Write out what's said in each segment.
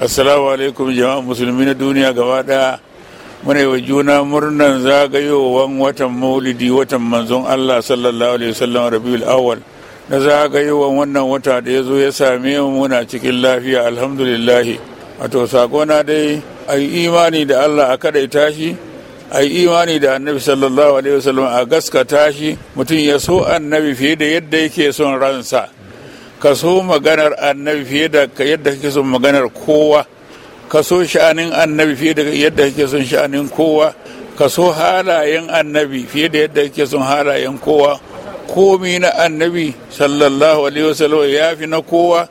assalamu alaikum jama'a musulmi na duniya gaba daya muna wa juna murnan zagayowan watan maulidi watan manzon allah sallallahu alaihi wasallam rabiul awwal na zagayowan wannan wata da ya zo ya same mu muna cikin lafiya alhamdulillahi wato sakona dai a yi imani da allah a kada tashi a yi imani da annabi sallallahu alaihi wasallam a gaskata shi mutum ya so annabi fiye da yadda yake son ransa ka so maganar annabi fiye da yadda kake son maganar kowa ka so sha'anin annabi fiye da yadda kake son sha'anin kowa ka so halayen annabi fiye da yadda kake son halayen kowa komi na annabi sallallahu alaihi wasallam ya fi na kowa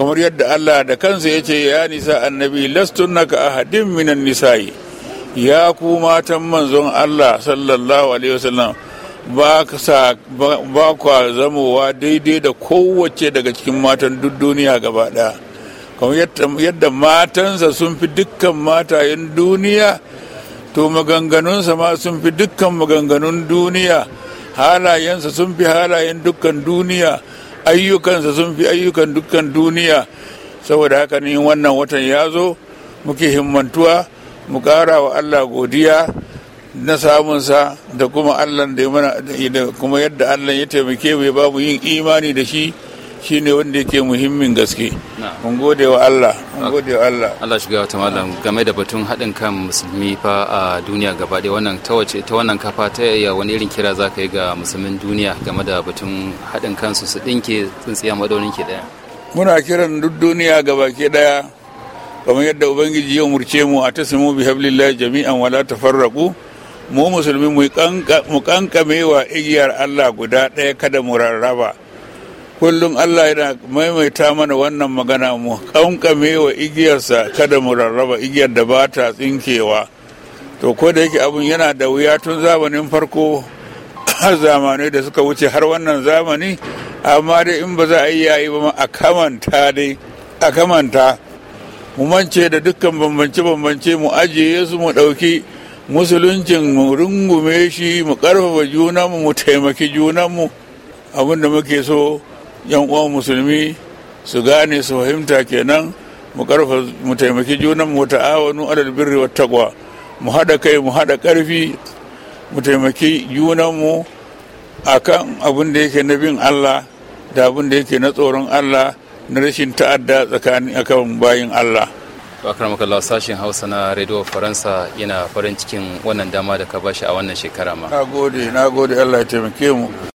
kamar yadda Allah da kansa ya ce ya nisa annabi lastunna ka ahadin minan nisa'i ya ku matan manzon Allah sallallahu alaihi wasallam ba kwa zamowa daidai da kowace daga cikin matan duk duniya gaba ɗaya kamar yadda matansa sun fi dukkan matayen duniya to maganganunsa ma sun fi dukkan maganganun duniya halayensa sun fi halayen dukkan duniya ayyukansa sun fi ayyukan dukkan duniya saboda haka ne wannan watan ya zo muke himmantuwa mu ƙara wa allah godiya na samunsa da kuma allah da da kuma yadda allah ya taimake mu ya yin imani da shi shi ne wanda yake muhimmin gaske mun gode wa allah mun gode wa allah allah shiga wata malam game da batun haɗin kan musulmi fa a duniya gaba ɗaya wannan ta wace ta wannan kafa ta yaya wani irin kira za ka yi ga musulmin duniya game da batun haɗin kansu su ɗinke tsintsiya madaunin ke ɗaya muna kiran duk duniya gaba ke ɗaya kamar yadda ubangiji ya umurce mu a tasimu bi hablillahi jami'an wala tafarraqu mu musulmi mu kankame wa igiyar Allah guda ɗaya kada mu rarraba kullum Allah yana maimaita mana wannan magana mu kankame wa igiyarsa kada mu rarraba igiyar da ba ta tsinkewa to ko da yake abun yana da wuya tun zamanin farko har zamanai da suka wuce har wannan zamani amma dai in ba za a yi yayi ba a kamanta dai a kamanta mu mance da dukkan bambance-bambance mu ajiye su mu ɗauki musuluncin mu rungume shi mu karfafa junanmu mu taimaki junanmu abin da muke so yan uwan musulmi su gane su fahimta kenan mu karfa mu taimaki junanmu mu ta'awanu alal birri wat taqwa mu haɗa kai mu haɗa ƙarfi mu taimaki junanmu akan abin da yake na bin Allah da abin da yake na tsoron Allah na rashin ta'adda tsakanin akan bayin Allah makalla sashen hausa na radio faransa yana farin cikin wannan dama da ka bashi a wannan shekara ma na gode na gode allah ya taimake mu